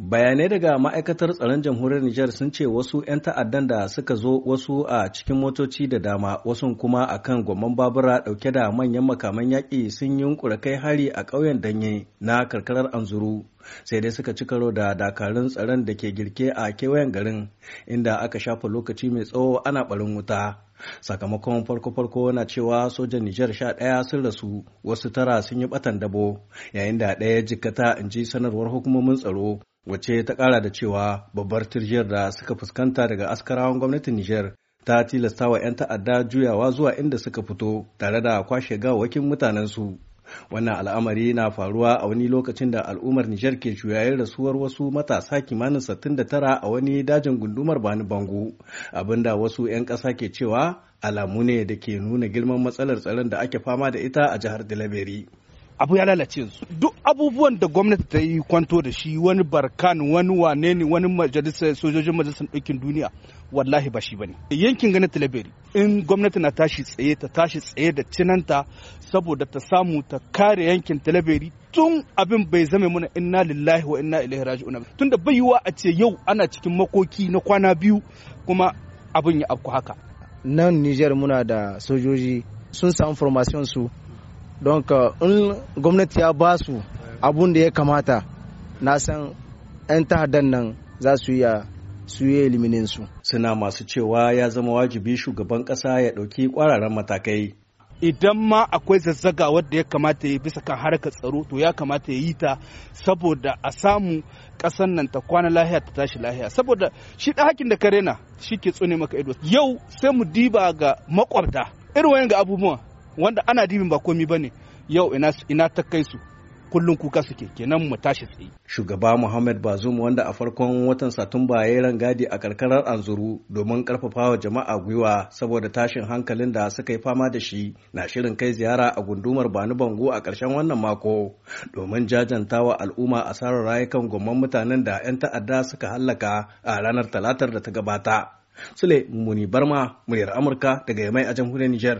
bayanai daga ma'aikatar tsaron jamhuriyar Nijar sun ce wasu 'yan ta'addan da suka zo wasu a cikin motoci da dama wasu kuma a kan gwamman babura dauke da manyan makaman yaƙi sun yi kai hari a ƙauyen danye na karkarar anzuru sai dai suka ci karo da dakarun tsaron da ke girke a kewayen garin inda aka shafa lokaci mai tsawo ana barin wuta sakamakon farko-farko na cewa sojan Nijar sha ɗaya sun rasu wasu tara sun yi batan dabo yayin da ɗaya jikkata in ji sanarwar hukumomin tsaro wacce ta kara da cewa babbar tirjiyar da suka fuskanta daga askarawan gwamnatin Nijar ta tilasta wa 'yan ta'adda juyawa zuwa inda suka fito tare da kwashe gawakin mutanensu. Wannan al'amari na faruwa a wani lokacin da al'ummar Nijar ke juyayen rasuwar wasu matasa kimanin tara a wani dajin gundumar Bani Bango, Abin da wasu 'yan ƙasa ke cewa alamu ne da ke nuna girman matsalar tsaron da ake fama da ita a jihar Delaberi. abu ya lalace su duk abubuwan da gwamnati ta yi kwanto da shi wani barkan wani wane ne wani majalisar sojojin majalisar ɗaukin duniya wallahi ba shi bane yankin ganin talabiri in gwamnati na tashi tsaye ta tashi tsaye da cinanta saboda ta samu ta kare yankin talabiri tun abin bai zame mana inna lillahi wa inna ilaihi raji'un Tun bai a ce yau ana cikin makoki na kwana biyu kuma abin ya afku haka nan Nijar muna da sojoji sun samu formation su don ka in gwamnati ya ba su abun da ya kamata na san 'yan ta'addan nan za su iya su yi eliminin su suna masu cewa ya zama wajibi shugaban kasa ya ɗauki ƙwararren matakai idan ma akwai zazzaga wadda ya kamata ya bisa kan harkar tsaro to ya kamata ya yi ta saboda a samu kasan nan ta kwana lahiya ta tashi lahiya saboda shi da hakin da ka rena shi ke tsone maka ido yau sai mu diba ga makwabta irin wayan ga abubuwan wanda ana dibin ba komi ba ne yau ina ta kai su kullum kuka suke kenan mu tashi tsaye. Shugaba Muhammad Bazum, wanda a farkon watan Satumba ya yi rangadi a karkarar Anzuru domin karfafawa jama'a gwiwa saboda tashin hankalin da suka yi fama da shi na shirin kai ziyara a gundumar Banu Bango a karshen wannan mako domin jajantawa al'umma a asarar rayukan gomman mutanen da 'yan ta'adda suka hallaka a ranar talatar da ta gabata. Sule Muni Barma, muryar Amurka daga Yamai a jamhuriyar Nijar.